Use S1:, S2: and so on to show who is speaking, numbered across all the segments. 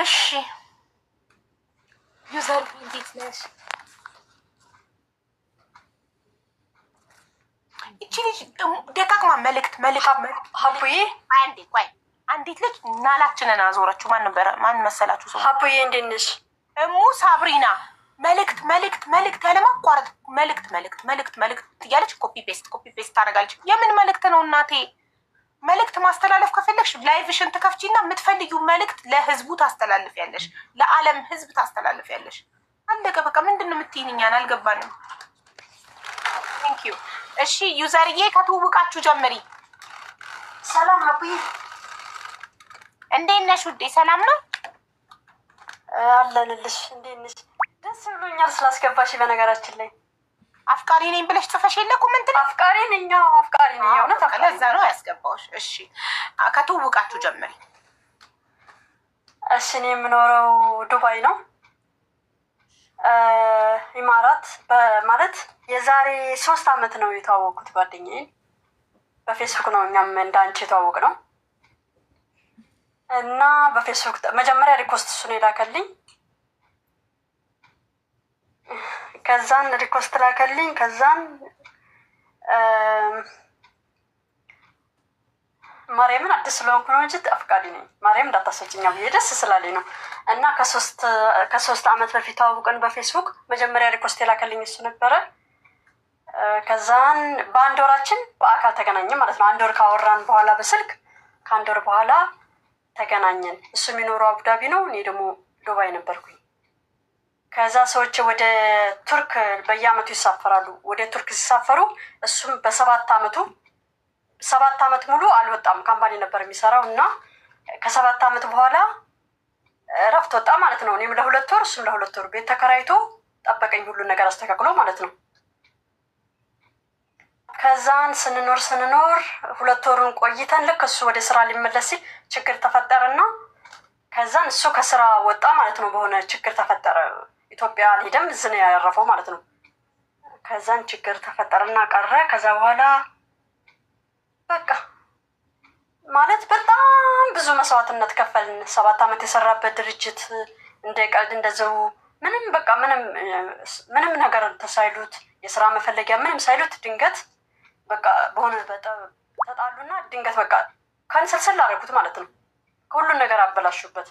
S1: እሺ ዩዘር እንዴት ነሽ? እቺ ልጅ ደጋግማ መልእክት አንዴ ቆይ፣ አንዲት ልጅ ናላችንን አዞረችው። ማን ነበረ? ማን መሰላችሁ?
S2: ሰው ሀቡዬ እንዴት ነሽ?
S1: እሙ ሳብሪና መልእክት መልእክት መልእክት ያለማቋረጥ መልእክት መልእክት መልእክት እያለች ኮፒ ፔስት ኮፒ ፔስት ታደርጋለች። የምን መልእክት ነው እናቴ? መልእክት ማስተላለፍ ከፈለግሽ ላይቭሽን ትከፍቺና የምትፈልጊው መልእክት ለህዝቡ ታስተላልፊያለሽ፣ ለዓለም ህዝብ ታስተላልፊያለሽ። አለቀ በቃ። ምንድን ነው የምትይኝ? እኛን አልገባንም። ቴንክ ዩ። እሺ ዩዘርዬ ከትውውቃችሁ ጀምሪ። ሰላም ነው እንዴት ነሽ ውዴ? ሰላም ነው
S2: አለንልሽ። እንዴት ነሽ? ደስ ብሎኛል ስላስገባሽ በነገራችን ላይ
S1: አፍቃሪ ነኝ ብለሽ ጽፈሽ የለ ኮመንት
S2: ላይ አፍቃሪ ነኝ አፍቃሪ ነኝ የእውነት
S1: አፍቃሪ ለዛ ነው ያስገባሁሽ። እሺ ከትውውቃችሁ ጀምሪ።
S2: እሺ እኔ የምኖረው ዱባይ ነው ኢማራት ማለት የዛሬ ሶስት አመት ነው የተዋወቅኩት። ጓደኛዬን በፌስቡክ ነው እኛም እንደ አንቺ የተዋወቅ ነው እና በፌስቡክ መጀመሪያ ሪፖስት እሱን የላከልኝ ከዛን ሪኮስት ላከልኝ። ከዛን ማርያምን አዲስ ስለሆንኩ ነው እንጂ አፍቃሪ ነኝ። ማርያም እንዳታሰጭኛ ብዬ ደስ ስላለኝ ነው። እና ከሶስት አመት በፊት ተዋውቀን በፌስቡክ መጀመሪያ ሪኮስት የላከልኝ እሱ ነበረ። ከዛን በአንድ ወራችን በአካል ተገናኘን ማለት ነው። አንድ ወር ካወራን በኋላ በስልክ ከአንድ ወር በኋላ ተገናኘን። እሱ የሚኖረው አቡዳቢ ነው፣ እኔ ደግሞ ዱባይ ነበርኩኝ። ከዛ ሰዎች ወደ ቱርክ በየአመቱ ይሳፈራሉ። ወደ ቱርክ ሲሳፈሩ እሱም በሰባት አመቱ ሰባት አመት ሙሉ አልወጣም፣ ካምፓኒ ነበር የሚሰራው እና ከሰባት አመት በኋላ እረፍት ወጣ ማለት ነው። እኔም ለሁለት ወር እሱም ለሁለት ወር ቤት ተከራይቶ ጠበቀኝ፣ ሁሉን ነገር አስተካክሎ ማለት ነው። ከዛን ስንኖር ስንኖር ሁለት ወሩን ቆይተን ልክ እሱ ወደ ስራ ሊመለስ ሲል ችግር ተፈጠረና ከዛን እሱ ከስራ ወጣ ማለት ነው። በሆነ ችግር ተፈጠረ። ኢትዮጵያ አልሄደም እዚህ ነው ያረፈው ማለት ነው። ከዛን ችግር ተፈጠረና ቀረ። ከዛ በኋላ በቃ ማለት በጣም ብዙ መስዋዕትነት ከፈልን። ሰባት ዓመት የሰራበት ድርጅት እንደ ቀልድ እንደዘው ምንም በቃ ምንም ነገር ተሳይሉት የስራ መፈለጊያ ምንም ሳይሉት ድንገት በቃ በሆነ ተጣሉና ድንገት በቃ ከንስልስል አደረጉት ማለት ነው። ከሁሉን ነገር አበላሹበት።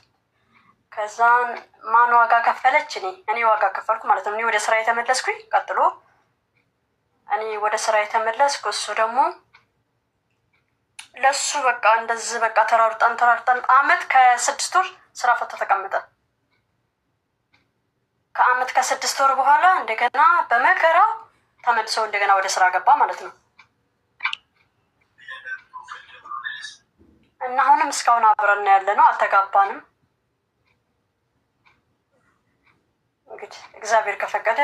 S2: ከዛን ማን ዋጋ ከፈለች? እኔ እኔ ዋጋ ከፈልኩ ማለት ነው። እኔ ወደ ስራ የተመለስኩኝ ቀጥሎ እኔ ወደ ስራ የተመለስኩ እሱ ደግሞ ለሱ በቃ እንደዚህ በቃ ተራርጠን ተራርጠን አመት ከስድስት ወር ስራ ፈታ ተቀመጠ። ከአመት ከስድስት ወር በኋላ እንደገና በመከራ ተመልሰው እንደገና ወደ ስራ ገባ ማለት ነው። እና አሁንም እስካሁን አብረን ያለ ነው፣ አልተጋባንም። እንግዲህ እግዚአብሔር ከፈቀደ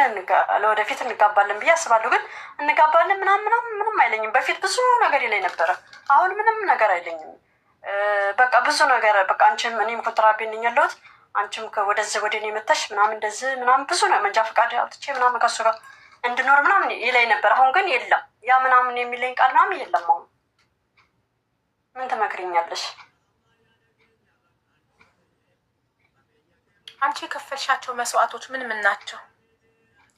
S2: ለወደፊት እንጋባለን ብዬ አስባለሁ። ግን እንጋባለን ምናምን ምናምን ምንም አይለኝም። በፊት ብዙ ነገር ይለኝ ነበረ። አሁን ምንም ነገር አይለኝም። በቃ ብዙ ነገር በቃ አንቺም እኔም ኮንትራቤ ነኝ ያለሁት አንቺም ወደዚህ ወደ እኔ መተሽ ምናምን እንደዚህ ምናምን ብዙ ነው መንጃ ፈቃድ አውጥቼ ምናምን ከሱ ጋር እንድኖር ምናምን ይለኝ ነበር። አሁን ግን የለም ያ ምናምን የሚለኝ ቃል ምናምን የለም። አሁን ምን ትመክርኛለሽ?
S1: አንቺ የከፈልሻቸው መስዋዕቶች ምን ምን ናቸው?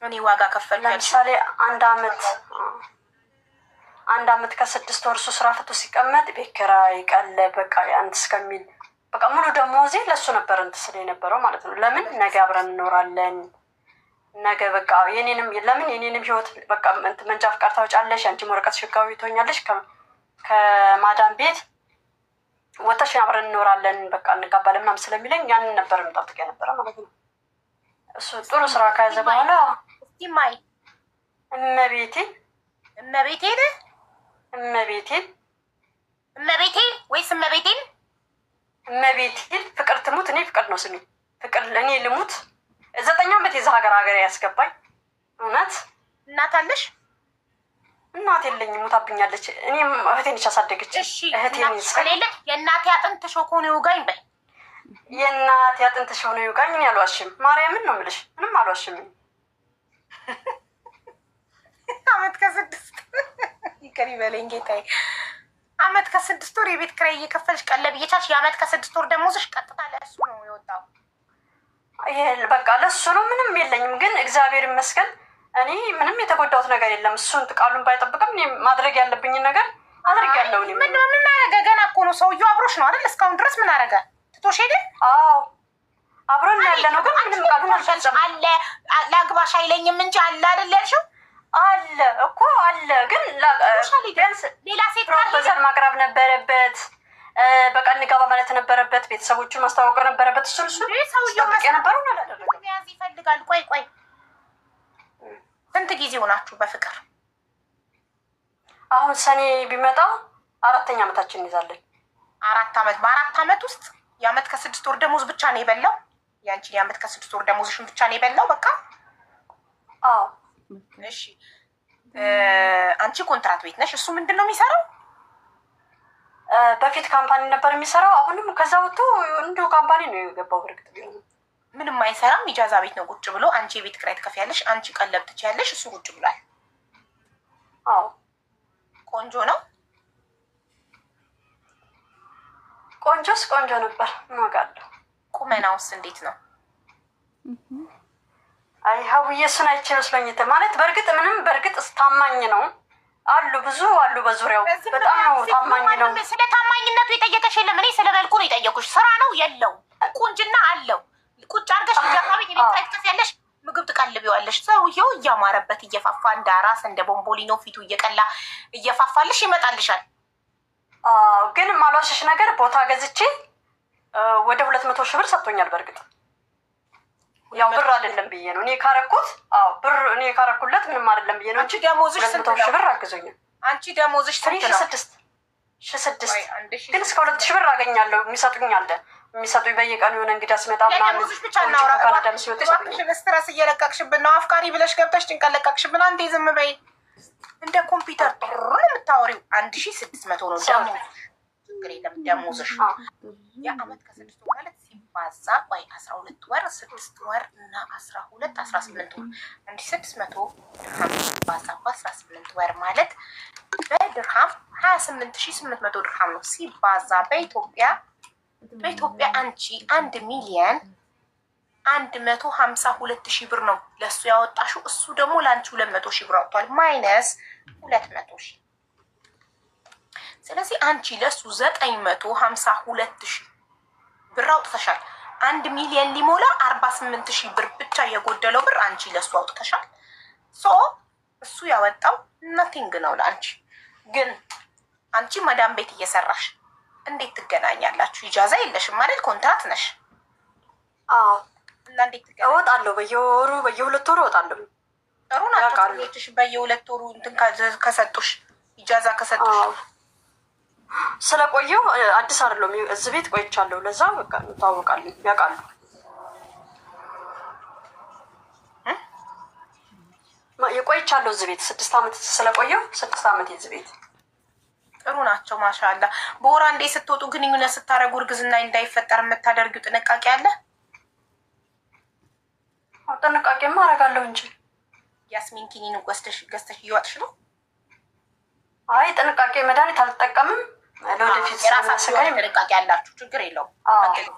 S1: እኔ ዋጋ ከፈል
S2: ለምሳሌ አንድ አመት አንድ አመት ከስድስት ወር እሱ ስራ ፍቶ ሲቀመጥ ቤት ኪራይ ቀለ በቃ አንድ እስከሚል በቃ ሙሉ ደሞዜ ለእሱ ነበር እንትን ስለ የነበረው ማለት ነው። ለምን ነገ አብረን እንኖራለን ነገ በቃ የኔንም ለምን የኔንም ህይወት በቃ መንጃ ፍቃድ ታወጫለሽ፣ አንቺም ወረቀት ሽጋዊ ትሆኛለሽ ከማዳም ቤት ወታሽ አብረን እንኖራለን በቃ እንጋባለን ምናምን ስለሚለኝ ያንን ነበር የምጠብቅ ነበረ ማለት ነው። እሱ ጥሩ ስራ ከያዘ በኋላ ማይ እመቤቴ እመቤቴን እመቤቴን
S1: እመቤቴ ወይስ እመቤቴን
S2: እመቤቴን ፍቅር ትሙት እኔ ፍቅር ነው ስሜ ፍቅር እኔ ልሙት ዘጠኝ ዓመት የዛ ሀገር ሀገር ያስገባኝ እውነት እናታለሽ እናት የለኝ ሞታብኛለች። እኔም እህቴን ያሳደገች
S1: እህቴን ስከሌለ የእናቴ አጥንትሽ ከሆነ ይውጋኝ በይ።
S2: የእናቴ አጥንትሽ ሆነ ይውጋኝ። እኔ አልዋሽም፣ ማርያምን ነው የምልሽ፣ ምንም አልዋሽም።
S1: አመት ከስድስት ይቅር ይበለኝ ጌታዬ። አመት ከስድስት ወር የቤት ክራይ እየከፈልሽ ቀለብ እየቻልሽ፣ የአመት ከስድስት ወር ደሞዝሽ ቀጥታ ለእሱ ነው የወጣው።
S2: በቃ ለእሱ ነው፣ ምንም የለኝም። ግን እግዚአብሔር ይመስገን እኔ ምንም የተጎዳሁት ነገር የለም። እሱን ቃሉን ባይጠብቅም እኔ ማድረግ ያለብኝን ነገር አድርግ ያለው
S1: ምን አረገ? ገና እኮ ነው ሰውዬው አብሮሽ ነው አይደል? እስካሁን ድረስ ምን አረገ? ትቶሽ ሄደ?
S2: አዎ አብሮን ያለ ነው። ግን ምንም ቃሉን
S1: አልፈጸም አለ ለአግባሽ አይለኝም እንጂ አለ አይደል ያልሽው?
S2: አለ እኮ አለ። ግን ሌላ ሴት ፕሮፖዛል ማቅረብ ነበረበት። በቃ እንጋባ ማለት ነበረበት። ቤተሰቦቹን ማስተዋወቅ ነበረበት። እሱን እሱን ጠብቅ የነበረውን አላደረገም።
S1: ይፈልጋል። ቆይ ቆይ ስንት ጊዜ ሆናችሁ በፍቅር?
S2: አሁን ሰኔ ቢመጣ አራተኛ ዓመታችን እንይዛለን።
S1: አራት ዓመት በአራት ዓመት ውስጥ የዓመት ከስድስት ወር ደሞዝ ብቻ ነው የበላው። ያንቺን የዓመት ከስድስት ወር ደሞዝሽን ብቻ ነው የበላው። በቃ
S2: አዎ። እሺ
S1: አንቺ ኮንትራት ቤት ነሽ፣ እሱ ምንድን ነው የሚሰራው?
S2: በፊት ካምፓኒ ነበር የሚሰራው። አሁንም ከዛ ወጥቶ እንዲሁ ካምፓኒ ነው የገባው። ርግ? ቢሆንም
S1: ምንም አይሰራም። ኢጃዛ ቤት ነው ቁጭ ብሎ። አንቺ የቤት ኪራይ ትከፍያለሽ፣ አንቺ ቀለብ ትችያለሽ፣ እሱ ቁጭ ብሏል። አዎ ቆንጆ ነው።
S2: ቆንጆስ ቆንጆ ነበር። እማጋለሁ።
S1: ቁመናውስ እንዴት ነው?
S2: አይ ሀውዬ እሱን አይቼ መስሎኝ ማለት በእርግጥ ምንም በእርግጥ ስታማኝ ነው አሉ ብዙ አሉ በዙሪያው በጣም ነው ታማኝ ነው።
S1: ስለ ታማኝነቱ የጠየቀሽ የለም። እኔ ስለ መልኩ ነው የጠየቁሽ። ስራ ነው የለው፣ ቁንጅና አለው ቁጭ አድርገሽ አካባቢ የቤት ያለሽ ምግብ ትቀልቢዋለሽ። ሰውየው እያማረበት እየፋፋ እንደ አራስ እንደ ቦምቦሊኖ ፊቱ እየቀላ እየፋፋልሽ ይመጣልሻል።
S2: ግን ማሏሸሽ ነገር ቦታ ገዝቼ ወደ ሁለት መቶ ሺህ ብር ሰጥቶኛል። በእርግጥ ያው ብር አይደለም ብዬ ነው እኔ ካረኩት። ብር እኔ ካረኩለት ምንም አይደለም ብዬ ነው እንጂ ደሞዝሽ ስንት ነው? ሺህ ብር አግዞኛል።
S1: አንቺ ደሞዝሽ
S2: ስንት ነው? ሺህ ስድስት ሺህ ስድስት ግን እስከ ሁለት ሺህ ብር አገኛለሁ የሚሰጡኝ አለ የሚሰጡ በየቀኑ የሆነ እንግዳ ሲመጣ
S1: ስትረስ እየለቀቅሽብን ነው። አፍቃሪ ብለሽ ገብተሽ ጭንቀት ለቀቅሽብን። አንዴ ዝም በይ። እንደ ኮምፒውተር ጥሩ የምታወሪው አንድ ሺ ስድስት መቶ ነው ችግር የለም ደሞዝሽ የአመት ከስድስት ወር ማለት ሲባዛ ወይ አስራ ሁለት ወር ስድስት ወር እና አስራ ሁለት አስራ ስምንት ወር አንድ ስድስት መቶ ድርሃም ሲባዛ አስራ ስምንት ወር ማለት በድርሃም ሀያ ስምንት ሺ ስምንት መቶ ድርሃም ነው ሲባዛ በኢትዮጵያ በኢትዮጵያ አንቺ አንድ ሚሊየን አንድ መቶ ሀምሳ ሁለት ሺህ ብር ነው ለእሱ ያወጣሽው። እሱ ደግሞ ለአንቺ ሁለት መቶ ሺህ ብር አውጥቷል። ማይነስ ሁለት መቶ ሺህ ስለዚህ አንቺ ለእሱ ዘጠኝ መቶ ሀምሳ ሁለት ሺህ ብር አውጥተሻል። አንድ ሚሊየን ሊሞላ አርባ ስምንት ሺህ ብር ብቻ የጎደለው ብር አንቺ ለእሱ አውጥተሻል። ሶ እሱ ያወጣው ነቲንግ ነው ለአንቺ። ግን አንቺ መዳም ቤት እየሰራሽ እንዴት ትገናኛላችሁ? ኢጃዛ የለሽም ማለት ኮንትራት ነሽ።
S2: እና እንዴት እወጣለሁ? በየወሩ በየሁለት ወሩ እወጣለሁ።
S1: ጥሩ ናቸውሽ። በየሁለት ወሩ እንትን ከሰጡሽ ኢጃዛ ከሰጡሽ
S2: ስለቆየው አዲስ አይደለሁም። እዚህ ቤት ቆይቻለሁ። ለዛ በቃ ታወቃለሁ፣ ያውቃሉ። የቆይቻለሁ እዚህ ቤት ስድስት ዓመት ስለቆየው ስድስት ዓመት የዚህ ቤት
S1: ጥሩ ናቸው። ማሻላ በወር አንዴ ስትወጡ ግንኙነት ስታደርጉ እርግዝና እንዳይፈጠር የምታደርጊው ጥንቃቄ አለ?
S2: ጥንቃቄማ አደርጋለሁ እንጂ
S1: ያስሚን ኪኒን ገዝተሽ ገዝተሽ እየዋጥሽ ነው?
S2: አይ ጥንቃቄ መድኃኒት አልጠቀምም።
S1: ጥንቃቄ ያላችሁ ችግር የለውም።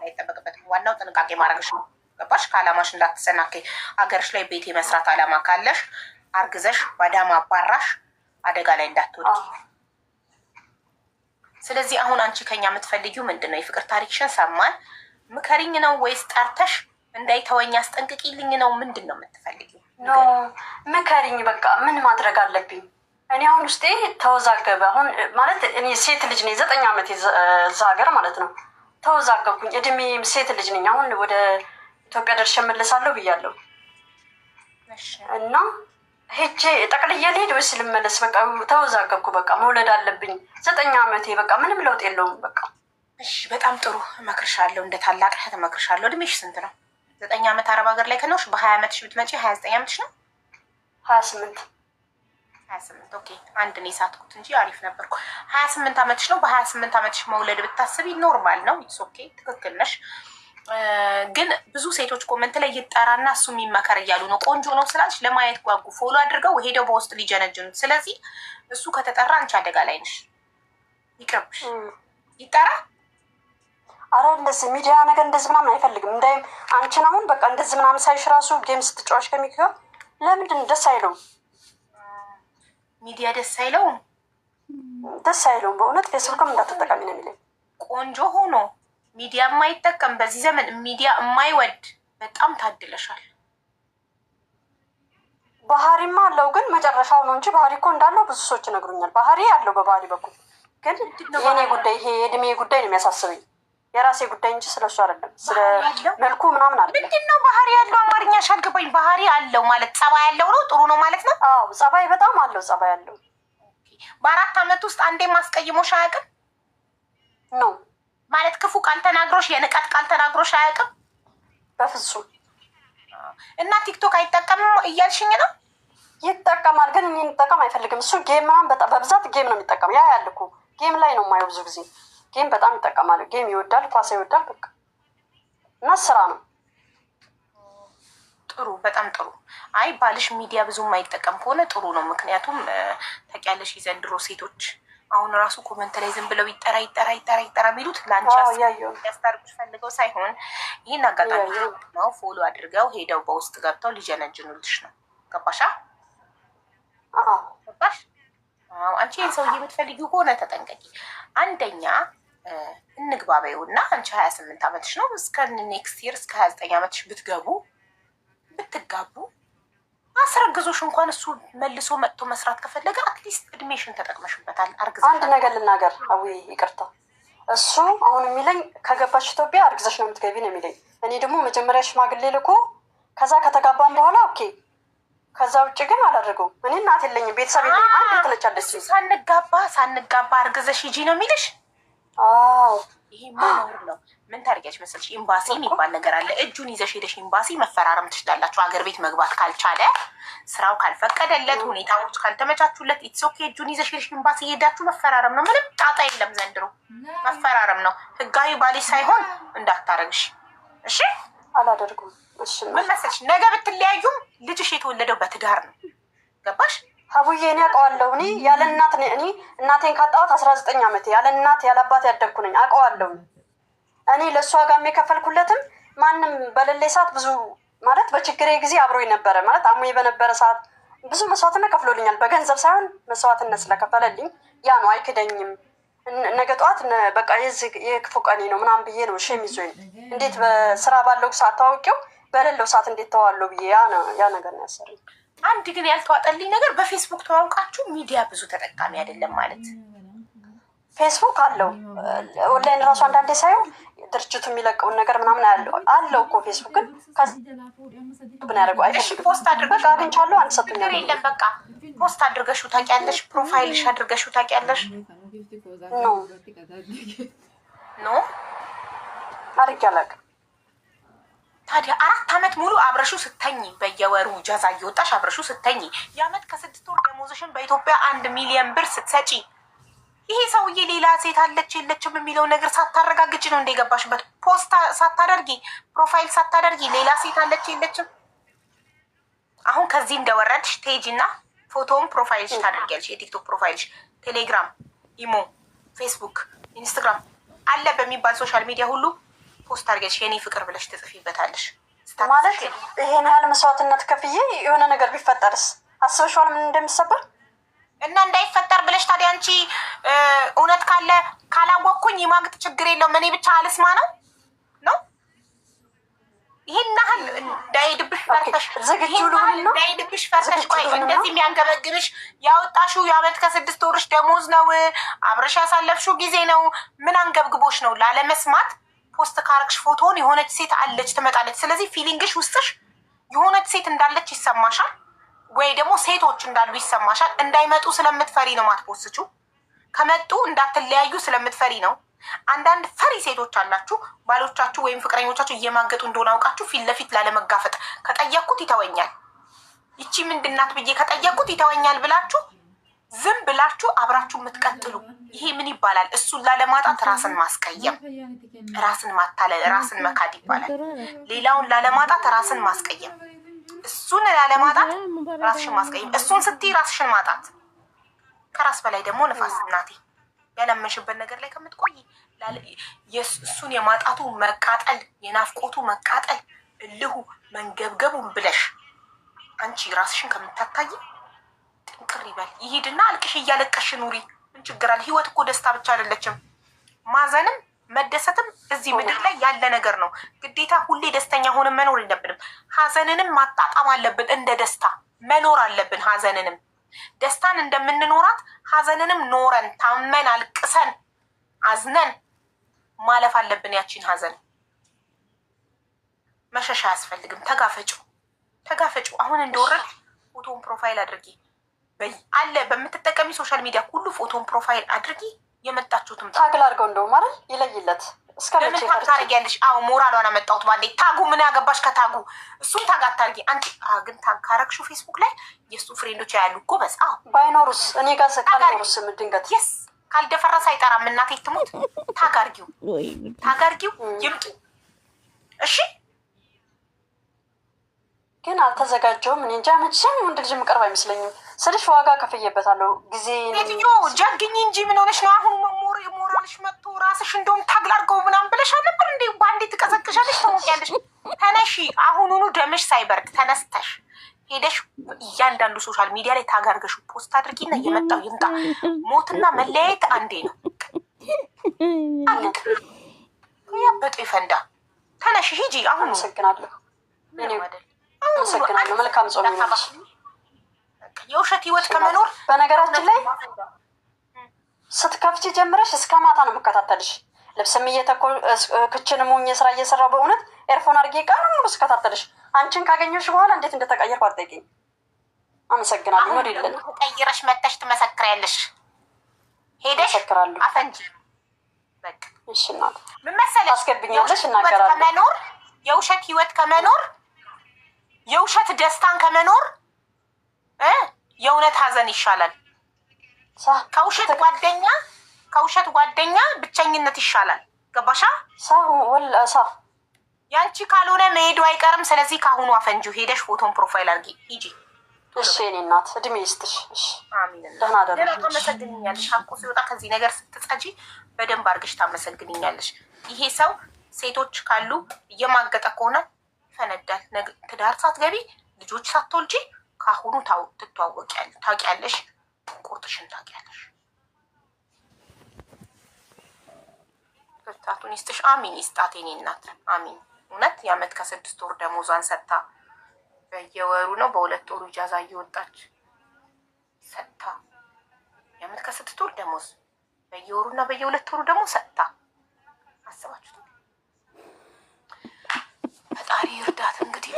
S1: አይጠበቅበትም። ዋናው ጥንቃቄ ማድረግሽ ነው። ገባሽ? ከአላማሽ እንዳትሰናከ ሀገርሽ ላይ ቤት የመስራት አላማ ካለሽ አርግዘሽ ባዳማ አባራሽ አደጋ ላይ እንዳትወድ ስለዚህ አሁን አንቺ ከኛ የምትፈልጊው ምንድን ነው? የፍቅር ታሪክሽን ሰማን ምከሪኝ ነው ወይስ ጠርተሽ እንዳይተወኝ አስጠንቅቂልኝ ነው? ምንድን ነው የምትፈልጊው?
S2: ኖ ምከሪኝ፣ በቃ ምን ማድረግ አለብኝ? እኔ አሁን ውስጤ ተወዛገበ። አሁን ማለት እኔ ሴት ልጅ ነኝ፣ ዘጠኝ ዓመት የዛ ሀገር ማለት ነው። ተወዛገብኩኝ፣ እድሜ ሴት ልጅ ነኝ። አሁን ወደ ኢትዮጵያ ደርሼ እመለሳለሁ ብያለሁ እና ሄቼ ጠቅልዬ ልሄድ ወይስ ልመለስ? በቃ ተወዛገብኩ። በቃ መውለድ አለብኝ። ዘጠኝ ዓመቴ በቃ ምንም ለውጥ የለውም። በቃ
S1: እሺ፣ በጣም ጥሩ እመክርሻለሁ። እንደ ታላቅ እህት እመክርሻለሁ። እድሜሽ ስንት ነው? ዘጠኝ ዓመት አረብ ሀገር ላይ ከኖርሽ በሀያ ዓመትሽ ብትመጪ ሀያ ዘጠኝ ዓመትሽ ነው። ሀያ ስምንት ሀያ ስምንት ኦኬ፣ አንድ ነው የሳትኩት እንጂ አሪፍ ነበርኩ። ሀያ ስምንት ዓመትሽ ነው። በሀያ ስምንት ዓመትሽ መውለድ ብታስቢ ኖርማል ነው። ኦኬ፣ ትክክል ነሽ። ግን ብዙ ሴቶች ኮመንት ላይ ይጠራና እሱ የሚመከር እያሉ ነው። ቆንጆ ነው ስላልሽ ለማየት ጓጉ፣ ፎሎ አድርገው ሄደው በውስጥ ሊጀነጅኑት። ስለዚህ እሱ ከተጠራ አንቺ አደጋ ላይ ነሽ። ይቅርብሽ፣ ይጠራ።
S2: አረ እንደዚህ ሚዲያ ነገር እንደዚህ ምናምን አይፈልግም። እንዳይም አንቺን አሁን በቃ እንደዚህ ምናምን ሳይሽ ራሱ ጌም ስትጫዋች ከሚገባ ለምንድን ደስ አይለውም?
S1: ሚዲያ ደስ አይለውም፣
S2: ደስ አይለውም። በእውነት ፌስቡክም እንዳትጠቀሚ ነው የሚለኝ
S1: ቆንጆ ሆኖ ሚዲያ የማይጠቀም በዚህ ዘመን ሚዲያ የማይወድ በጣም ታድለሻል።
S2: ባህሪማ አለው ግን መጨረሻው ነው እንጂ ባህሪ እኮ እንዳለው ብዙ ሰዎች ይነግሩኛል። ባህሪ አለው በባህሪ በኩል ግን የኔ ጉዳይ ይሄ የእድሜ ጉዳይ ነው የሚያሳስበኝ የራሴ ጉዳይ እንጂ ስለሱ አይደለም። ስለ መልኩ ምናምን አለ
S1: ምንድን ነው ባህሪ ያለው አማርኛ ሻልገባኝ። ባህሪ አለው ማለት ጸባይ ያለው ነው ጥሩ ነው ማለት ነው።
S2: አዎ ጸባይ በጣም አለው ጸባይ ያለው
S1: በአራት አመት ውስጥ አንዴ ማስቀይሞሽ አያውቅም ነው ማለት ክፉ ቃል ተናግሮሽ የንቀት ቃል ተናግሮሽ አያውቅም በፍጹም። እና ቲክቶክ አይጠቀምም እያልሽኝ ነው?
S2: ይጠቀማል፣ ግን እኔ እንጠቀም አይፈልግም። እሱ ጌም በብዛት ጌም ነው የሚጠቀም። ያ ያለ እኮ ጌም ላይ ነው የማየው ብዙ ጊዜ። ጌም በጣም ይጠቀማል። ጌም ይወዳል፣ ኳስ ይወዳል። በቃ እና ስራ ነው።
S1: ጥሩ፣ በጣም ጥሩ። አይ ባልሽ ሚዲያ ብዙም አይጠቀም ከሆነ ጥሩ ነው። ምክንያቱም ታውቂያለሽ የዘንድሮ ሴቶች አሁን ራሱ ኮመንት ላይ ዝም ብለው ይጠራ ይጠራ ይጠራ ይጠራ የሚሉት ለአንቺ ያስታርቁሽ ፈልገው ሳይሆን ይህን አጋጣሚ ነው ፎሎ አድርገው ሄደው በውስጥ ገብተው ሊጀነጅኑልሽ ነው። ገባሻ? ገባሽ? አንቺ ይህን ሰውዬ የምትፈልጊ ከሆነ ተጠንቀቂ። አንደኛ እንግባበው እና አንቺ ሀያ ስምንት አመትሽ ነው እስከ ኔክስት ይር እስከ ሀያ ዘጠኝ አመትሽ ብትገቡ ብትጋቡ አስረግዞሽ እንኳን እሱ መልሶ መጥቶ መስራት ከፈለገ አትሊስት እድሜሽን ተጠቅመሽበታል። አርግዘሽ
S2: አንድ ነገር ልናገር፣ አዊ ይቅርታ። እሱ አሁን የሚለኝ ከገባሽ ኢትዮጵያ አርግዘሽ ነው የምትገቢ ነው የሚለኝ። እኔ ደግሞ መጀመሪያ ሽማግሌ ልኮ ከዛ ከተጋባም በኋላ ኦኬ። ከዛ ውጭ ግን አላደርገው። እኔ እናት የለኝም፣ ቤተሰብ
S1: የለኝም። አንድ ትለቻለች። ሳንጋባ ሳንጋባ አርግዘሽ ሂጂ ነው የሚልሽ? አዎ ይሄ ማኖር ነው። ምን ታደርጊያች መሰልሽ? ኤምባሲ የሚባል ነገር አለ። እጁን ይዘሽ ሄደሽ ኤምባሲ መፈራረም ትችላላችሁ። አገር ቤት መግባት ካልቻለ፣ ስራው ካልፈቀደለት፣ ሁኔታዎች ካልተመቻቹለት፣ ኦኬ። እጁን ይዘሽ ሄደሽ ኤምባሲ ሄዳችሁ መፈራረም ነው። ምንም ጣጣ የለም። ዘንድሮ መፈራረም ነው። ህጋዊ ባሌ ሳይሆን እንዳታረግሽ። እሺ፣ አላደርጉም። ምን መሰልሽ? ነገ ብትለያዩም ልጅሽ የተወለደው በትዳር ነው። ገባሽ?
S2: አቡዬ እኔ አውቀዋለሁ። እኔ ያለ እናት እኔ እናቴን ካጣሁት አስራ ዘጠኝ ዓመት ያለ እናት ያለ አባት ያደግኩ ነኝ። አውቀዋለሁ። እኔ ለእሱ ዋጋ የከፈልኩለትም ማንም በሌሌ ሰዓት ብዙ ማለት በችግሬ ጊዜ አብሮ ነበረ ማለት አሙ በነበረ ሰዓት ብዙ መስዋዕትነት ከፍሎልኛል። በገንዘብ ሳይሆን መስዋዕትነት ስለከፈለልኝ ያ ነው አይክደኝም። ነገ ጠዋት በቃ የክፉ ቀኔ ነው ምናምን ብዬ ነው ሼም ይዞኝ እንዴት በስራ ባለው ሰዓት ታወቂው በሌለው ሰዓት እንዴት ተዋለው ብዬ ያ ነገር ነው ያሰረኝ።
S1: አንድ ግን ያልተዋጠልኝ ነገር በፌስቡክ ተዋውቃችሁ ሚዲያ ብዙ ተጠቃሚ አይደለም ማለት
S2: ፌስቡክ አለው ኦንላይን ራሱ አንዳንዴ ሳይሆን ድርጅቱ የሚለቀውን ነገር ምናምን አለው አለው እኮ ፌስቡክ ግን
S1: ምን ያደርገው አይሽ ፖስት አድርገሽ አግኝቻለሁ አንሰጡኝ የለም በቃ ፖስት አድርገሽ ታውቂያለሽ ፕሮፋይልሽ አድርገሽ ታውቂያለሽ ኖ ኖ አድርጌ አላውቅም ታዲያ አራት ዓመት ሙሉ አብረሹ ስተኝ በየወሩ ጃዛ እየወጣሽ አብረሹ ስተኝ የዓመት ከስድስት ወር ደሞዝሽን በኢትዮጵያ አንድ ሚሊዮን ብር ስትሰጪ ይሄ ሰውዬ ሌላ ሴት አለች የለችም የሚለው ነገር ሳታረጋግጭ ነው እንደገባሽበት። ፖስት ሳታደርጊ፣ ፕሮፋይል ሳታደርጊ ሌላ ሴት አለች የለችም። አሁን ከዚህ እንደወረድሽ ቴጅ እና ፎቶውን ፕሮፋይልሽ ታደርጊያለሽ። የቲክቶክ ፕሮፋይልሽ፣ ቴሌግራም፣ ኢሞ፣ ፌስቡክ፣ ኢንስታግራም አለ በሚባል ሶሻል ሚዲያ ሁሉ ፖስት አድርገሽ የኔ ፍቅር ብለሽ ትጽፊበታለሽ።
S2: ማለት ይሄን ያህል መስዋዕትነት ከፍዬ የሆነ ነገር ቢፈጠርስ አስበሽዋል? ምን እንደሚሰበር
S1: እና እንዳይፈጠር ብለሽ ታዲያ አንቺ እውነት ካለ ካላወቅኩኝ የማግጥ ችግር የለውም እኔ ብቻ አልስማ ነው ነው ይህን ያህል እንዳይድብሽ ፈርተሽ እንዳይሄድብሽ ፈርተሽ ቆይ እንደዚህ የሚያንገበግብሽ ያወጣሽው የአመት ከስድስት ወርሽ ደሞዝ ነው አብረሽ ያሳለፍሽው ጊዜ ነው። ምን አንገብግቦሽ ነው ላለመስማት ፖስት ካረግሽ ፎቶን የሆነች ሴት አለች ትመጣለች። ስለዚህ ፊሊንግሽ ውስጥሽ የሆነች ሴት እንዳለች ይሰማሻል፣ ወይ ደግሞ ሴቶች እንዳሉ ይሰማሻል። እንዳይመጡ ስለምትፈሪ ነው ማትፖስችው። ከመጡ እንዳትለያዩ ስለምትፈሪ ነው። አንዳንድ ፈሪ ሴቶች አላችሁ። ባሎቻችሁ ወይም ፍቅረኞቻችሁ እየማገጡ እንደሆነ አውቃችሁ ፊት ለፊት ላለመጋፈጥ ከጠየቅኩት ይተወኛል፣ ይቺ ምንድናት ብዬ ከጠየቅኩት ይተወኛል ብላችሁ ዝም ብላችሁ አብራችሁ የምትቀጥሉ ይሄ ምን ይባላል? እሱን ላለማጣት ራስን ማስቀየም፣ ራስን ማታለል፣ ራስን መካድ ይባላል። ሌላውን ላለማጣት ራስን ማስቀየም፣ እሱን ላለማጣት ራስሽን ማስቀየም፣ እሱን ስትይ ራስሽን ማጣት። ከራስ በላይ ደግሞ ንፋስ። እናቴ ያለመሽበት ነገር ላይ ከምትቆይ እሱን የማጣቱ መቃጠል፣ የናፍቆቱ መቃጠል፣ እልሁ መንገብገቡን ብለሽ አንቺ ራስሽን ከምታታይ ቁጥር ይበል ይሂድና አልቅሽ እያለቀሽ ኑሪ። ምን ችግር አለ? ህይወት እኮ ደስታ ብቻ አይደለችም። ማዘንም መደሰትም እዚህ ምድር ላይ ያለ ነገር ነው። ግዴታ ሁሌ ደስተኛ ሆነን መኖር የለብንም። ሀዘንንም ማጣጣም አለብን። እንደ ደስታ መኖር አለብን። ሀዘንንም ደስታን እንደምንኖራት ሀዘንንም ኖረን ታመን አልቅሰን አዝነን ማለፍ አለብን። ያቺን ሀዘን መሸሻ አያስፈልግም። ተጋፈጩ ተጋፈጩ። አሁን እንደወረድ ፎቶን ፕሮፋይል አድርጌ አለ በምትጠቀሚ ሶሻል ሚዲያ ሁሉ ፎቶን ፕሮፋይል አድርጊ። የመጣችሁትም
S2: ታግል አድርገው እንደው ማለት ይለይለት
S1: እስከመቼ ታርጊያለሽ? አዎ ሞራሏን አመጣሁት ባለ ታጉ ምን ያገባሽ ከታጉ እሱም ታግ አታርጊ። አንቺ ግን ታግ ካረግሽው ፌስቡክ ላይ የእሱ ፍሬንዶች ያሉ በስ አዎ
S2: ባይኖሩስ እኔ ጋር ካልኖሩስ ድንገት
S1: የስ ካልደፈረሰ አይጠራም እናቴ ትሞት። ታግ አርጊው፣ ታግ አርጊው፣ ይምጡ እሺ
S2: ግን አልተዘጋጀውም። እኔ እንጃ መቼም ወንድ ልጅ የምቀርብ አይመስለኝም ስልሽ ዋጋ ከፍዬበታለሁ።
S1: ጊዜ የትዮ ጀግኝ እንጂ ምን ሆነሽ ነው አሁን? መሞር የሞራልሽ መጥቶ ራስሽ እንደውም ታግል አድርገው ምናምን ብለሽ አልነበር እንዴ? በአንዴ ትቀዘቅሻለሽ፣ ተሞቂያለሽ። ተነሺ፣ አሁኑኑ ደምሽ ሳይበርድ ተነስተሽ ሄደሽ እያንዳንዱ ሶሻል ሚዲያ ላይ ታጋርገሽ ፖስት አድርጊና እየመጣው ይምጣ። ሞትና መለያየት አንዴ ነው። አልቅ ያበጡ ይፈንዳ። ተነሽ ሂጂ አሁን።
S2: አመሰግናለሁ። ምን ይወደል አመሰግናለሁ። መልካም ጾም ይሆናል።
S1: የውሸት ህይወት ከመኖር
S2: በነገራችን ላይ ስትከፍቺ ጀምረሽ እስከ ማታ ነው የምከታተልሽ። ልብስም ክችን ሙኝ ስራ እየሰራው በእውነት ኤርፎን አድርጌ ቀን ሙሉ ስከታተልሽ። አንቺን ካገኘሽ በኋላ እንዴት እንደተቀየርኩ አትጠይቂኝ። አመሰግናለሁ። ኖር ይለን
S1: ተቀይረሽ መተሽ ትመሰክሪያለሽ። ሄደሽ አፈንጂ ምን መሰለሽ፣
S2: አስገብኛለሽ
S1: እናገራለሁ። የውሸት ህይወት ከመኖር የውሸት ደስታን ከመኖር የእውነት ሀዘን ይሻላል። ከውሸት ጓደኛ ከውሸት ጓደኛ ብቸኝነት ይሻላል። ገባሻ? ያንቺ ካልሆነ መሄዱ አይቀርም። ስለዚህ ከአሁኑ አፈንጂ ሄደሽ ፎቶን ፕሮፋይል አርጊ። ሂጂ።
S2: እሺ የእኔ እናት እድሜ ይስጥሽ። ደህና ደ
S1: ታመሰግንኛለሽ። አኮ ሲወጣ ከዚህ ነገር ስትጸጂ በደንብ አርገሽ ታመሰግንኛለሽ። ይሄ ሰው ሴቶች ካሉ እየማገጠ ከሆነ ይፈነዳል። ትዳር ሳትገቢ ልጆች ሳትወልጂ ከአሁኑ ትተዋወቂያለሽ፣ ታውቂያለሽ፣ ቁርጥሽን ታውቂያለሽ። ብርታቱን ይስጥሽ። አሚን ይስጣት የኔ እናት አሚን። እውነት የአመት ከስድስት ወር ደሞዟን ሰጥታ በየወሩ ነው በሁለት ወሩ ጃዛ እየወጣች ሰጥታ የአመት ከስድስት ወር ደሞዝ በየወሩና በየሁለት ወሩ ደግሞ ሰጥታ አስባችሁ ፈጣሪ እርዳት እንግዲህ።